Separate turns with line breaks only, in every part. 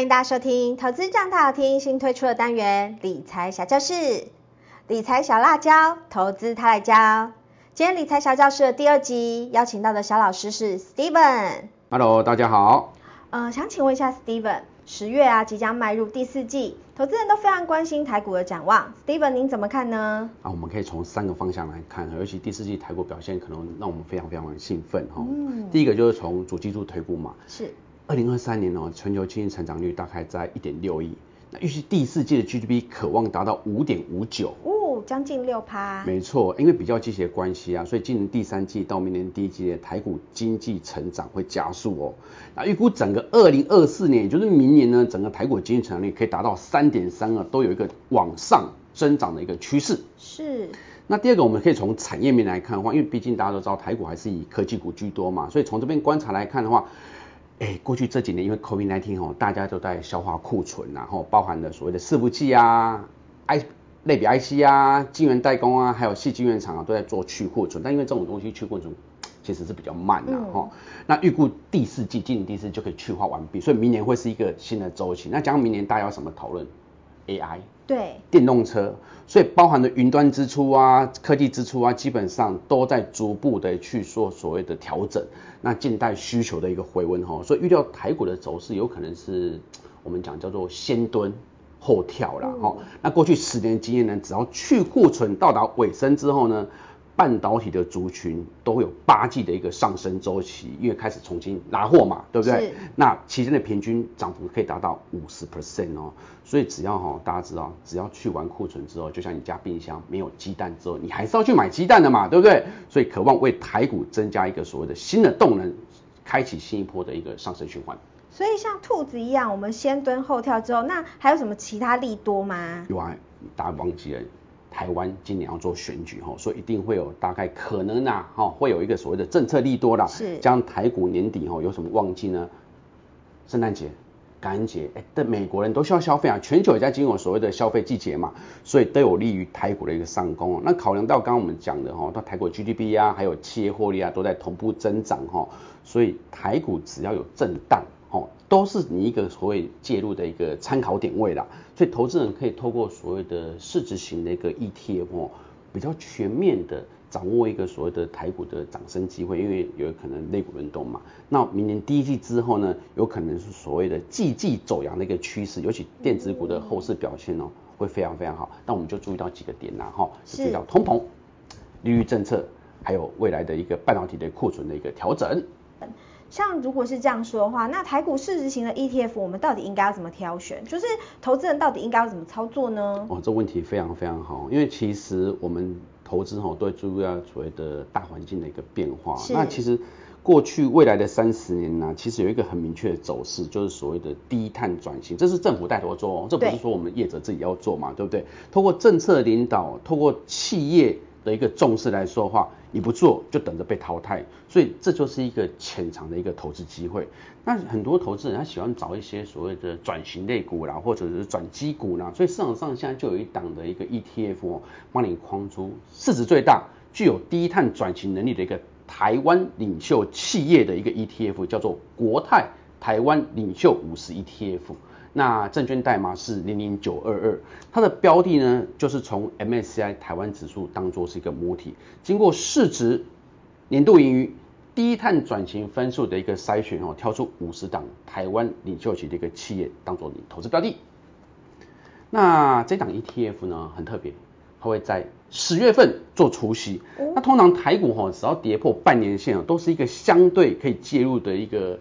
歡迎大家收聽《投資！這樣，泰好聽》新推出的單元《理財小教室》，理財小辣椒，投資他來教。今天《理財小教室》的第二集，邀請到的小老師是 Steven。
Hello，大家好。
呃，想請問一下 Steven，十月啊即將邁入第四季，投資人都非常關心台股的展望，Steven 您怎麼看呢？
啊，我們可以從三個方向來看，尤其第四季台股表現可能讓我們非常非常興奮哈。哦、嗯。第一個就是從主計處推估嘛。是。二零二三年呢、哦，全球經濟成長率大概在一點六億，那預計第四季的 GDP 可望達到五點五九，哦，
將近六趴。
沒錯，因為比較季節關係啊，所以今年第三季到明年第一季，台股經濟成長會加速哦。那預估整個二零二四年，也就是明年呢，整個台股經濟成長率可以達到三點三二，都有一個往上增長的一個趨勢。是。那第二個，我們可以從產業面來看的話，因為畢竟大家都知道台股還是以科技股居多嘛，所以從這邊觀察來看的話。哎、欸，過去這幾年因為 COVID-19 哈，大家都在消化庫存、啊，然後包含了所謂的伺服器啊、I 類比 IC 啊、晶圓代工啊，還有矽晶圓廠啊，都在做去庫存。但因為這種東西去庫存其實是比較慢的、啊、哈、嗯。那預估第四季、今年第四季就可以去化完畢，所以明年會是一個新的周期。那講到明年大家有什麼討論？AI，對，電動車，所以包含的雲端支出啊，科技支出啊，基本上都在逐步的去做所謂的調整。那近代需求的一個回溫哈、哦，所以預料台股的走勢有可能是，我們講叫做先蹲後跳啦哈、嗯哦。那過去十年經驗呢，只要去庫存到達尾聲之後呢。半導體的族群都會有八季的一個上升週期，因為開始重新拿貨嘛，對不對？是那其中的平均漲幅可以達到五十 percent 哦，所以只要哈、哦，大家知道，只要去完庫存之後，就像你家冰箱沒有雞蛋之後，你還是要去買雞蛋的嘛，對不對？嗯、所以渴望為台股增加一個所謂的新的動能，開啟新一波的一個上升循環。
所以像兔子一樣，我們先蹲後跳之後，那還有什麼其他利多嗎？有啊，
大家忘記了。台灣今年要做選舉哈、哦，所以一定會有大概可能吶、啊、哈、哦，會有一個所謂的政策利多啦。是，將台股年底哈、哦、有什麼旺季呢？聖誕節、感恩節，哎、欸，對美國人都需要消費啊，全球也在進入所謂的消費季節嘛，所以都有利於台股的一個上攻。那考量到剛剛我們講的哈、哦，到台股 GDP 啊，還有企業獲利啊都在同步增長哈、哦，所以台股只要有震盪。哦，都是你一個所謂介入的一個參考點位啦，所以投資人可以透過所謂的市值型的一個 ETF，比較全面的掌握一個所謂的台股的漲升機會，因為有可能類股輪動嘛。那明年第一季之後呢，有可能是所謂的季季走陽的一個趨勢，尤其電子股的後市表現哦、喔，會非常非常好。但我們就注意到幾個點吶，哈，比較通膨、利率政策，還有未來的一個半導體的庫存的一個調整。
像如果是這樣說的話，那台股市值型的 ETF，我們到底應該要怎麼挑選？就是投資人到底應該要怎麼操作呢？
哦，這問題非常非常好，因為其實我們投資哦，都會注意到所謂的大環境的一個變化。是那其實過去未來的三十年呢、啊，其實有一個很明確的走勢，就是所謂的低碳轉型，這是政府帶頭做、哦，這不是說我們業者自己要做嘛，對，對不對？通過政策領導，透過企業的一個重視來說的話。你不做就等着被淘汰，所以這就是一個潛藏的一個投資機會。那很多投資人他喜歡找一些所謂的轉型類股啦，或者是轉機股啦，所以市場上現在就有一檔的一個 ETF 哦，幫你框出市值最大、具有低碳轉型能力的一個台灣領袖企業的一個 ETF，叫做國泰。台灣領袖五十 ETF，那證券代碼是零零九二二，它的標的呢，就是從 MSCI 台灣指數當作是一個母體，經過市值、年度盈餘、低碳轉型分數的一個篩選哦，挑出五十檔台灣領袖級的一個企業當做你投資標的。那這檔 ETF 呢，很特別，它會在十月份做除息。那通常台股哈、哦，只要跌破半年線哦，都是一個相對可以介入的一個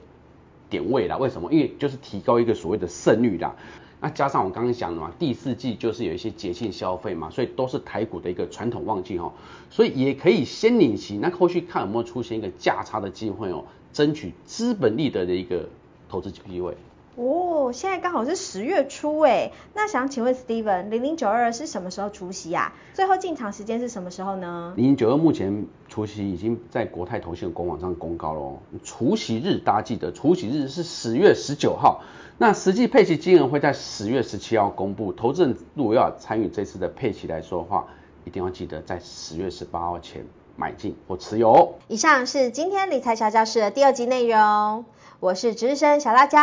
點位啦，為什麼？因為就是提高一個所謂的勝率啦。那加上我剛剛講的嘛，第四季就是有一些節慶消費嘛，所以都是台股的一個傳統旺季哈、哦，所以也可以先領息，那後續看有沒有出現一個價差的機會哦，爭取資本利得的一個投資機會。
哦，現在剛好是十月初誒、欸，那想請問 Steven，零零九二二是什麼時候除息啊？最後進場時間是什麼時候呢？零
零九二二目前除息已經在國泰投信的官網上公告了，除息日大家記得，除息日是十月十九號，那實際配息金額會在十月十七號公布，投資人如果要參與這次的配息來說的話，一定要記得在十月十八號前買進或持有。
以上是今天理財小教室的第二集內容，我是值日生小辣椒。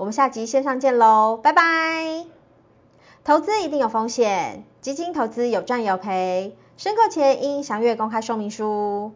我們下集線上見嘍，拜拜！投資一定有風險，基金投資有賺有賠，申購前應詳閱公開說明書。